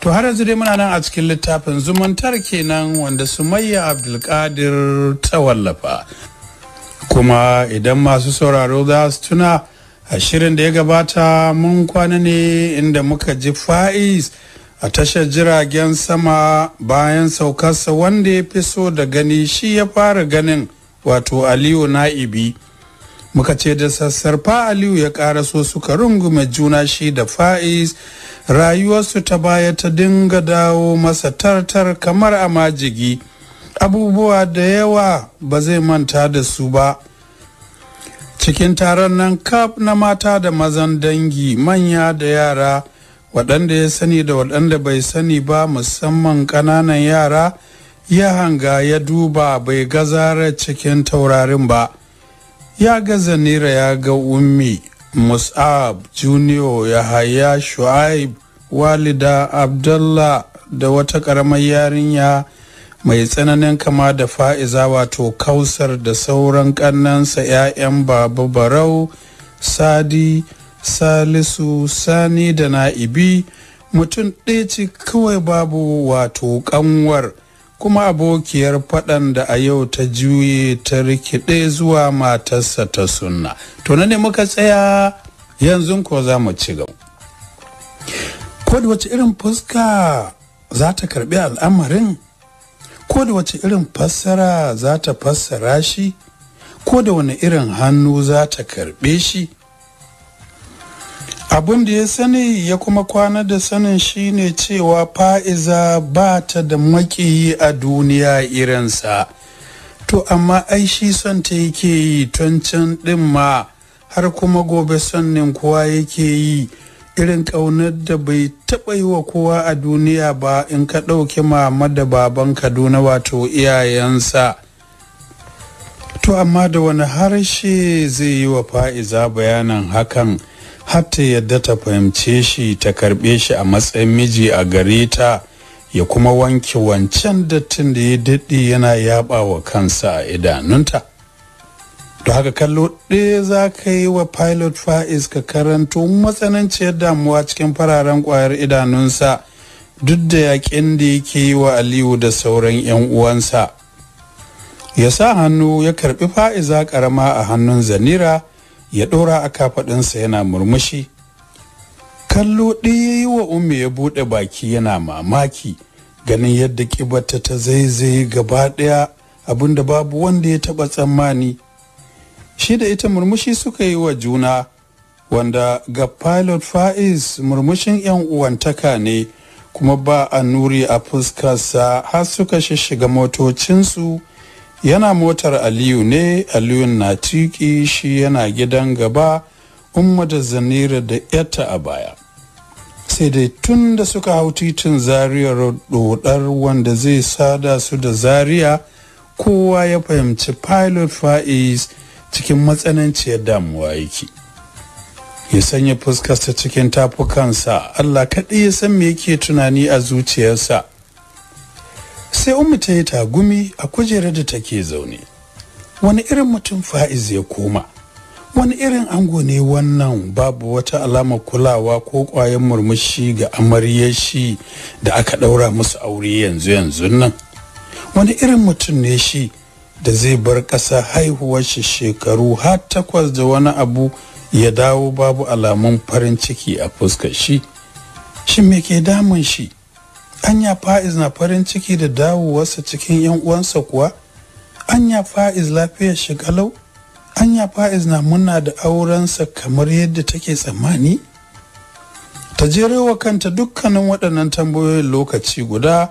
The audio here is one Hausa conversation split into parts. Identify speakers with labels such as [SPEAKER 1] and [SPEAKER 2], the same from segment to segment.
[SPEAKER 1] to har yanzu dai muna nan a cikin littafin zumuntar kenan wanda sumayya abdulkadir ta wallafa kuma idan masu sauraro za su tuna a shirin da ya gabata mun kwana ne inda muka ji Fa'iz a tashar jiragen sama bayan saukarsa wanda ya fi so da gani shi ya fara ganin wato aliyu na'ibi muka ce da sassarfa aliyu ya so suka rungume juna shi da fa'is rayuwarsu ta baya ta dinga dawo masa tartar kamar a majigi abubuwa da yawa ba zai manta da su ba cikin taron nan kaf na mata da mazan dangi manya da yara waɗanda ya sani da waɗanda bai sani ba musamman ƙananan yara ya hanga ya duba bai gazara cikin taurarin ba ya ga zanira ya ga ummi mus'ab junior yahaya shu'aib walida abdullah da wata ƙaramar yarinya mai tsananin kama da fa'iza wato kausar da sauran kannansa 'ya'yan babu barau sadi salisu sani da na'ibi mutum ɗaya ce kawai babu wato ƙanwar. kuma abokiyar faɗan da a yau ta juye ta rikide zuwa matarsa ta sunna to na ne muka tsaya yanzu ko za mu ci gaba ko da wace irin fuska za ta karbi al'amarin ko da wace irin fassara za ta fassara shi ko da wani irin hannu za ta karbe shi Abun da ya sani ya kuma kwana da sanin shine cewa fa'iza ba ta da makiyi a duniya irinsa to amma ai shi son ta yake yi tun can ɗin ma har kuma gobe sannin kowa yake yi irin ƙaunar da bai taɓa yi wa kowa a duniya ba in ka ɗauki mama da baban kaduna wato iyayensa to amma da wani harshe zai yi wa fa'iza bayanin hakan har ta yadda ta fahimce shi ta karɓe shi a matsayin miji a gare ta ya kuma wanke wancan dattin da ya daɗe yana yaɓa wa kansa a idanunta to haka kallo ɗaya za ka yi wa pilot Fais ka karanto matsananciyar damuwa cikin fararen ƙwayar idanunsa duk da yaƙin da yake yi wa aliyu da sauran 'yan uwansa ya sa hannu ya karɓi fa'iza ƙarama a hannun zanira ya ɗora a kafadinsa yana murmushi kallo ɗaya yi wa ummi ya buɗe baki yana mamaki ganin yadda kibarta ta zaizaye gaba ɗaya abinda babu wanda ya taɓa tsammani shi da ita murmushi suka yi wa juna wanda ga pilot faiz murmushin 'yan uwantaka ne kuma ba a nuri a fuskarsa har suka shishiga motocinsu yana motar aliyu ne aliyun na tiki shi yana gidan gaba umma da zanira da yata a baya sai dai tun da suka hau titin Zaria dodar wanda zai sada su da Zaria, kowa ya fahimci pilot fa'is cikin matsananciyar damuwa yake ya sanya fuskarsa cikin tafukansa allah kaɗai ya san me yake tunani a zuciyarsa sai ummi ta yi tagumi a kujerar da take zaune wani irin mutum fa'iz ya koma wani irin ango ne wannan babu wata alama kulawa ko ƙwayan murmushi ga amaryar shi da aka ɗaura musu aure yanzu yanzu nan wani irin mutum ne shi da zai bar ƙasa haihuwar shi shekaru har takwas da wani abu ya dawo babu alamun farin ciki a fuskar shi shin me ke damun shi anya fa'iz na farin ciki da dawowarsa cikin yan uwansa kuwa anya fa'iz lafiyar shi kalau. anya fa'iz na muna da aurensa kamar yadda take tsammani ta jerewa kanta dukkanin waɗannan tambayoyin lokaci guda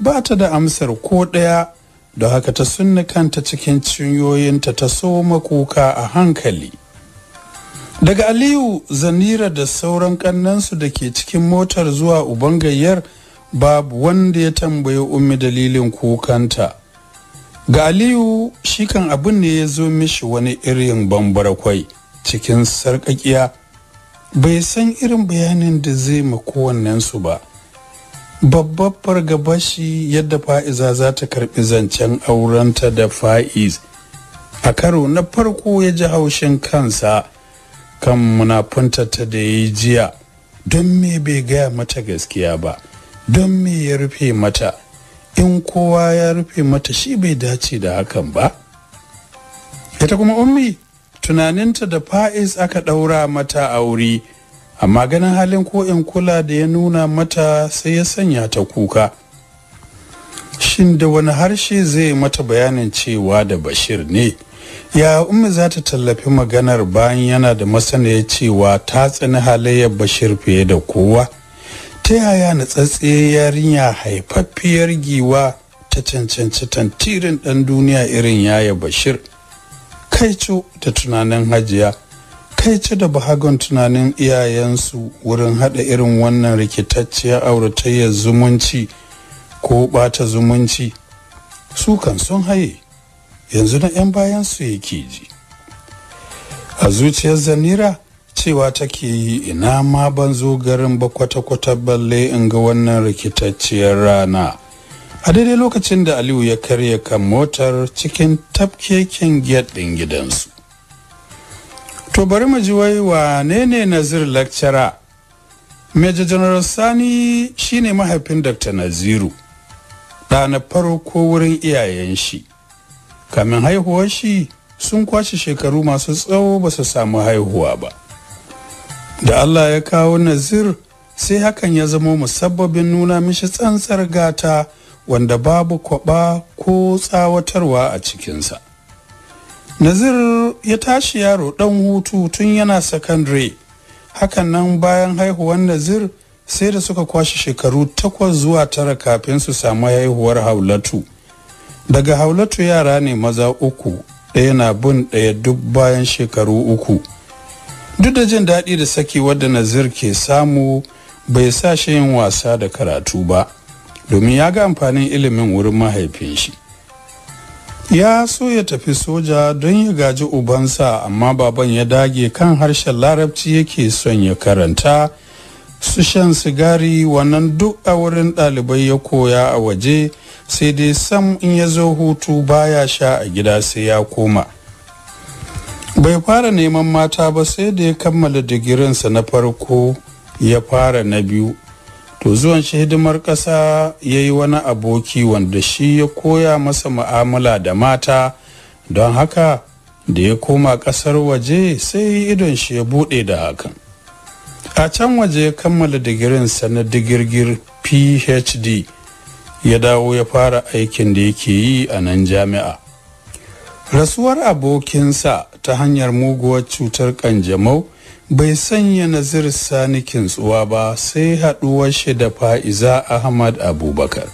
[SPEAKER 1] ba ta da amsar ko ɗaya da haka ta sunna kanta cikin cinyoyinta ta ta so kuka a hankali daga aliyu zanira da sauran kannansu da ke cikin motar zuwa ubangayyar babu wanda ya tambayi ummi dalilin kukanta ga aliyu shi kan abin ne ya zo mishi wani irin bambarakwai cikin sarƙaƙiya bai san irin bayanin da zai ma kowannensu ba babbar fargaba shi yadda fa'iza za ta karɓi zancen aurenta da fa'iz a karo na farko ya ji haushin kansa kan munafunta ta da ya yi jiya don me bai gaya mata gaskiya ba don me ya rufe mata in kowa ya rufe mata shi bai dace da hakan ba ita kuma ummi tunaninta da fa'is aka ɗaura mata a wuri amma ganin halin ko in kula da ya nuna mata sai ya sanya ta kuka shin da wani harshe zai mata bayanin cewa da bashir ne ya ummi za ta tallafi maganar bayan yana da masana cewa ta tsani halayyar bashir fiye da kowa ta yaya natsatsiyar yarinya haifaffiyar giwa ta cancanci tantirin ɗan duniya irin yaya bashir kaicu da tunanin hajiya kaicu da bahagon tunanin iyayensu wurin haɗa irin wannan rikitacciyar auratayyar zumunci ko ɓata zumunci su kan sun haye yanzu na 'yan bayansu yake ji a zuciyar zanira cewa take yi ina ma ban zo garin ba kwata-kwata balle in ga wannan rikitacciyar rana a daidai lokacin da aliyu ya karya kan motar cikin tafkekin gate ɗin gidansu to bari mu ji wai wane ne nazir lakcara major general sani shine mahaifin dr naziru Da na farko wurin iyayen shi kamin haihuwar shi sun kwashe shekaru masu tsawo ba su samu haihuwa ba da allah ya kawo nazir sai hakan ya zama musabbabin nuna mishi tsantsar gata wanda babu kwaba ko tsawatarwa a cikinsa nazir ya tashi yaro dan hutu tun yana sakandare hakan nan bayan haihuwar nazir sai da suka kwashe shekaru takwas zuwa tara kafin su samu haihuwar haulatu daga haulatu yara ne maza uku ɗaya na bin ɗaya duk bayan shekaru uku duk da jin daɗi da saki wadda nazir ke samu bai sa shi yin wasa da karatu ba domin ya ga amfanin ilimin wurin mahaifin shi ya so ya tafi soja don ya gaji ubansa amma baban ya dage kan harshen larabci yake son ya karanta su shan sigari wannan duk a wurin ɗalibai ya koya a waje sai dai sam in ya zo hutu baya sha a gida sai ya koma bai fara neman mata ba sai da ya kammala digirinsa na farko ya fara na biyu to zuwan shi hidimar ƙasa ya yi wani aboki wanda shi ya koya masa mu'amala da mata don haka da ya koma ƙasar waje sai idon shi ya buɗe da hakan a can waje ya kammala digirinsa na digirgir phd ya dawo ya fara aikin da yake yi a nan jami'a rasuwar abokinsa ta hanyar muguwar cutar kanjamau bai sanya nazir sani kintsuwa ba sai haɗuwar shi da fa'iza ahmad abubakar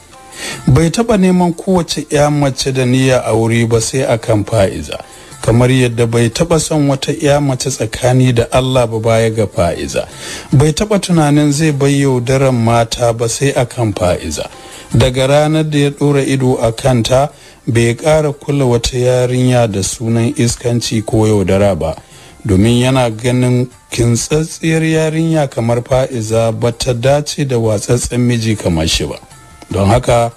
[SPEAKER 1] bai taɓa neman kowace 'ya mace da niyya a wuri ba sai akan fa'iza kamar yadda bai taba son wata ya mace tsakani da Allah ba baya ga fa'iza bai taɓa tunanin zai bai yaudaran mata ba sai akan fa'iza daga ranar da ya ɗora ido a kanta bai ƙara kula wata yarinya da sunan iskanci ko yaudara ba domin yana ganin kintsatsiyar yarinya kamar fa'iza ba ta dace da watsatsen miji kamar shi ba don haka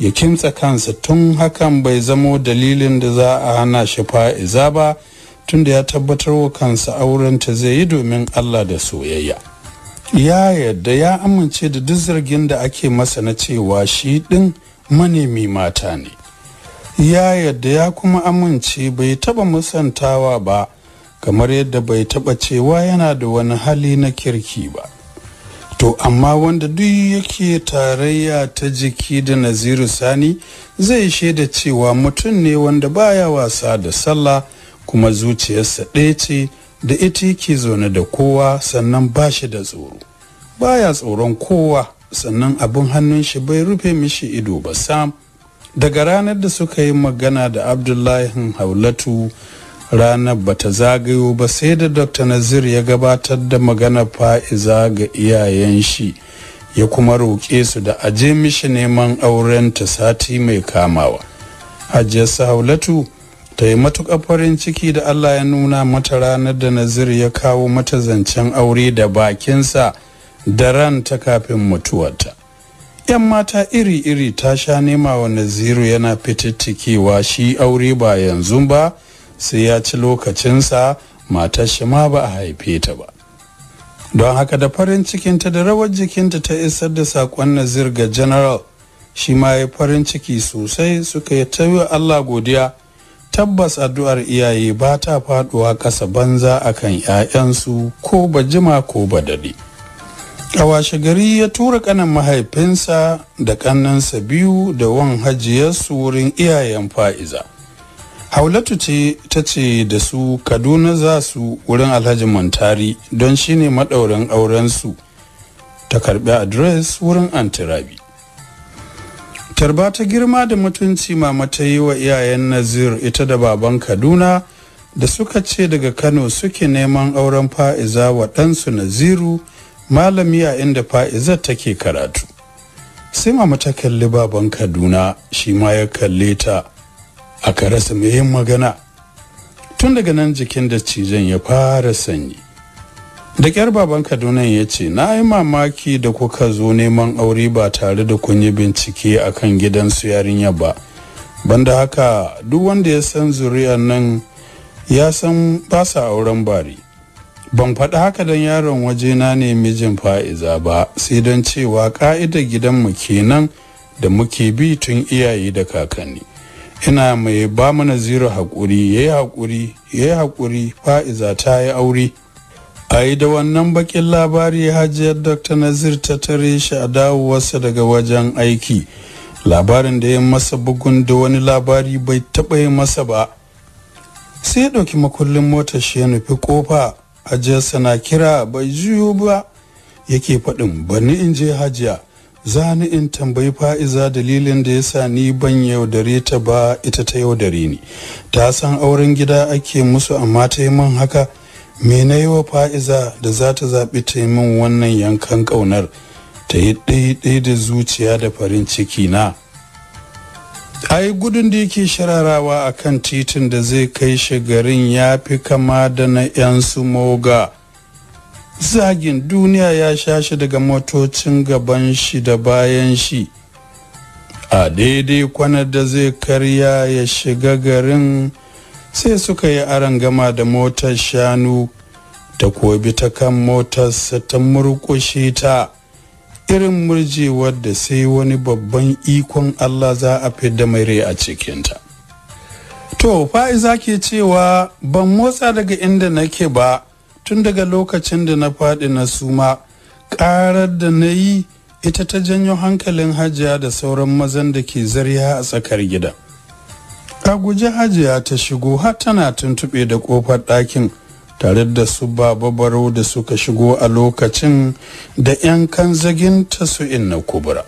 [SPEAKER 1] ya kimtsa kansa tun hakan bai zamo dalilin da za a hana shi fa'iza ba tunda ya tabbatar wa kansa auren ta zai yi domin allah da soyayya ya yadda ya amince da duk zargin da ake masa na cewa shi ɗin manemi mata ne ya yadda ya kuma amince bai taɓa musantawa ba kamar yadda bai taba cewa yana da wani hali na kirki ba to amma wanda duk yake tarayya ta jiki da naziru sani zai shaida cewa mutum ne wanda baya wasa da sallah kuma zuciyarsa ɗaya ce da ita yake zaune da kowa sannan ba shi da tsoro baya tsoron kowa sannan abin hannun shi bai rufe mishi ido ba sam daga ranar da suka yi magana da abdullahi haulatu ranar bata zagayo ba sai da dr nazir ya gabatar da magana fa'iza ga iyayen shi ya kuma roƙe su da aje mishi neman auren ta sati mai kamawa hajjiyarsa haulatu ta yi matuƙar farin ciki da allah ya nuna mata ranar da nazir ya kawo mata zancen aure da bakinsa da ta kafin mutuwarta yan mata iri-iri ta sha nema wa naziru yana fitattakewa shi aure ba yanzu ba sai ya ci lokacinsa matar shi ma ba a haife ta ba don haka da farin cikinta da rawar jikinta ta isar da saƙon nazir ga general shi ma ya farin ciki sosai suka yi ta Allah godiya tabbas addu'ar iyaye ba ta faduwa kasa banza akan 'ya'yansu ko ba jima ko ba dade a washe gari ya tura kanan mahaifinsa da kannansa biyu da wan hajiyarsu wurin iyayen fa'iza haulatu ce ta ce da su kaduna za su wurin alhaji mantari don shine maɗaurin aurensu ta karbi adres wurin antirabi tarba ta girma da mutunci mama ta yi wa iyayen nazir ita da baban kaduna da suka ce daga kano suke neman auren fa'iza wa ɗansu naziru malami a inda fa'iza take karatu sai mama ta kalli baban kaduna shi ma ya kalle ta aka rasa mai yin magana tun daga nan jikin da cijen ya fara sanyi da kyar baban kaduna ya ce na yi mamaki da kuka zo neman aure ba tare da kun yi bincike akan su yarinya ba banda haka duk wanda ya san zuriya nan ya san basa auren bari ban faɗi haka don yaron waje na ne mijin fa'iza ba sai don cewa ƙa'idar mu kenan da muke bi tun iyaye da kakanni ina mai ba mana zira haƙuri ya yi haƙuri ya yi haƙuri fa'iza ta yi aure A yi da wannan bakin labari hajiyar dr nazir ta tare shi a dawowarsa daga wajen aiki labarin da ya masa bugun da wani labari bai taɓa yi masa ba sai ɗauki makullin mota shi ya nufi kofa hajiyarsa na kira bai juyo ba yake faɗin bani in je hajiya za ni in tambayi fa'iza dalilin da ya sa ni ban yaudare ta ba ita ta yaudare ni ta san auren gida ake musu amma ta yi man haka me na wa fa'iza da za ta zaɓi ta yi min wannan yankan ƙaunar ta yi ɗaiɗai da zuciya da farin ciki na ai gudun da yake shararawa a kan titin da zai kai shi garin ya fi kama da na 'yan su moga zagin duniya ya sha shi daga motocin gaban shi da bayan shi a daidai kwanar da zai karya ya shiga garin sai suka yi aron gama da motar shanu da kobi ta kan motarsa ta murƙushe ta irin murjewar da sai wani babban ikon Allah za a fidda mai rai a cikinta to fa'iza ke cewa ban motsa daga inda nake ba tun daga lokacin da na faɗi na suma ƙarar da na yi ita ta janyo hankalin hajiya da sauran mazan da ke zariya a tsakar gida. a guji hajiya ta shigo har tana tuntuɓe da ƙofar ɗakin tare da su bababaro da suka shigo a lokacin da 'yan zagin ta su inna kubura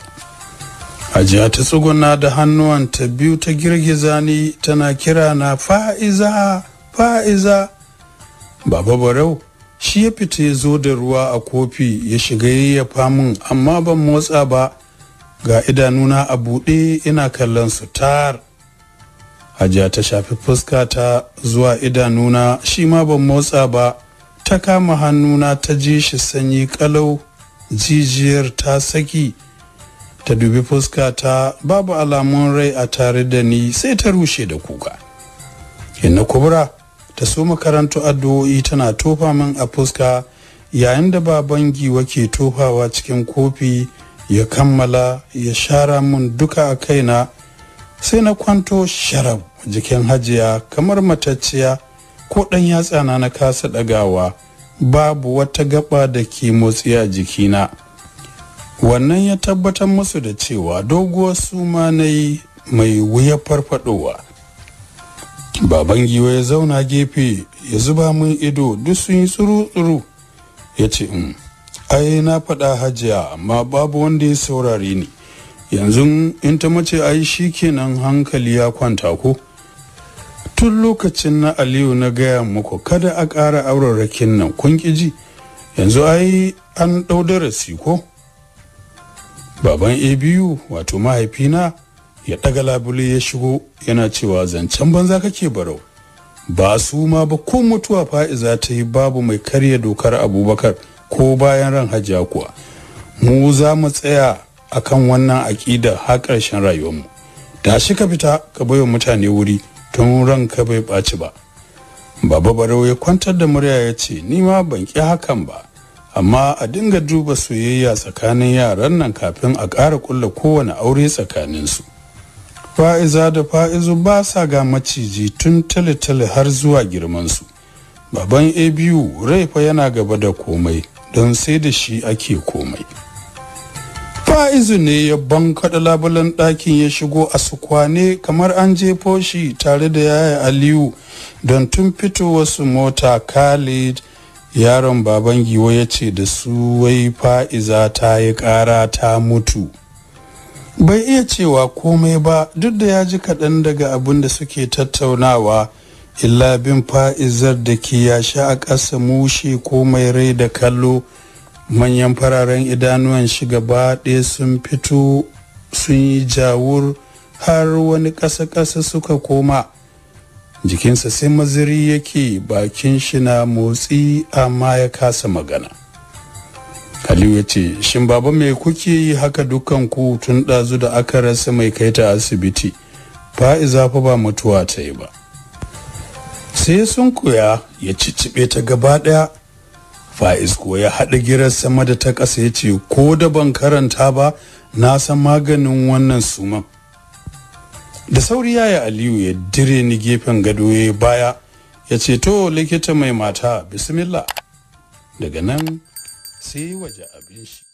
[SPEAKER 1] hajiya ta tsuguna da hannuwan ta biyu ta girgiza ni tana kira na fa'iza fa'iza bababarau shi ya fita ya zo da ruwa a kofi ya shiga yayyafa min amma ban motsa ba ga idanuna a buɗe ina kallon su tar hajiya ta shafi fuska ta zuwa idanuna shi ma ban motsa ba ta kama hannuna ta ji shi sanyi kalau jijiyar ta saki ta dubi fuska ta babu alamun rai a tare da ni sai ta rushe da kuka inna kubura ta so makarantu addu'o'i tana tofa min a fuska yayin da baban giwa ke tofawa cikin kofi ya kammala ya shara mun duka a kaina sai na kwanto sharab jikin hajiya kamar matacciya ko ɗan yatsa na na kasa ɗagawa babu wata gaba da ke motsi a jikina wannan ya tabbatar musu da cewa doguwar suma na yi mai wuya farfadowa baban giwa ya zauna gefe ya zuba min ido duk sun yi tsuru-tsuru ya ce mm, ai na faɗa hajiya amma babu wanda ya saurare ni yanzu in ta mace ai shi kenan hankali ya kwanta ko tun lokacin na aliyu na gaya muku kada a ƙara aurarrakin nan kun ji yanzu ai an ɗau darasi ko baban abu wato mahaifina ya ɗaga labule ya shigo yana cewa zancen banza kake barau ba su ma ba ko mutuwa fa'iza ta yi babu mai karya dokar abubakar ko bayan ran hajiya kuwa mu za mu tsaya akan wannan aƙida har ƙarshen rayuwarmu shi ka fita ka baiwa mutane wuri tun ranka bai ɓaci ba baba barau ya kwantar da murya ya ce ni ma ban ƙi hakan ba amma a dinga duba soyayya tsakanin yaran nan kafin a ƙara kulla kowane aure tsakaninsu fa'iza da fa'izu ba sa ga maciji tun tale-tale har zuwa girmansu baban abu rai fa yana gaba da komai don sai da shi ake komai fa'izu ne ya bankaɗa labulan ɗakin ya shigo a sukwane kamar an jefo shi tare da yaya aliyu don tun fito wasu mota khalid yaron baban giwo ya ce da su wai fa'iza ta yi ƙara ta mutu bai iya cewa komai ba duk da ya ji kaɗan daga abin da suke tattaunawa illa bin fa'izar da ke yashi a ƙasa mushe ko mai rai da kallo manyan fararen idanuwan shi gaba ɗaya sun fito sun yi jawur har wani ƙasa-ƙasa suka koma jikinsa sai maziri yake bakin shi na motsi amma ya kasa magana Aliyu ya ce shin baba mai kuke yi haka dukkan ku tun ɗazu da aka rasa mai kai ta asibiti fa'iza fa ba mutuwa ta yi ba sai sun koya ya cicibe ta gaba ɗaya Faiz ko ya haɗa girar sama da ta ƙasa ya ce ko da ban karanta ba na san maganin wannan suman. Da sauri yaya Aliyu ya dire ni gefen gado ya baya ya ce to likita mai mata bismillah daga nan sai waje abin shi.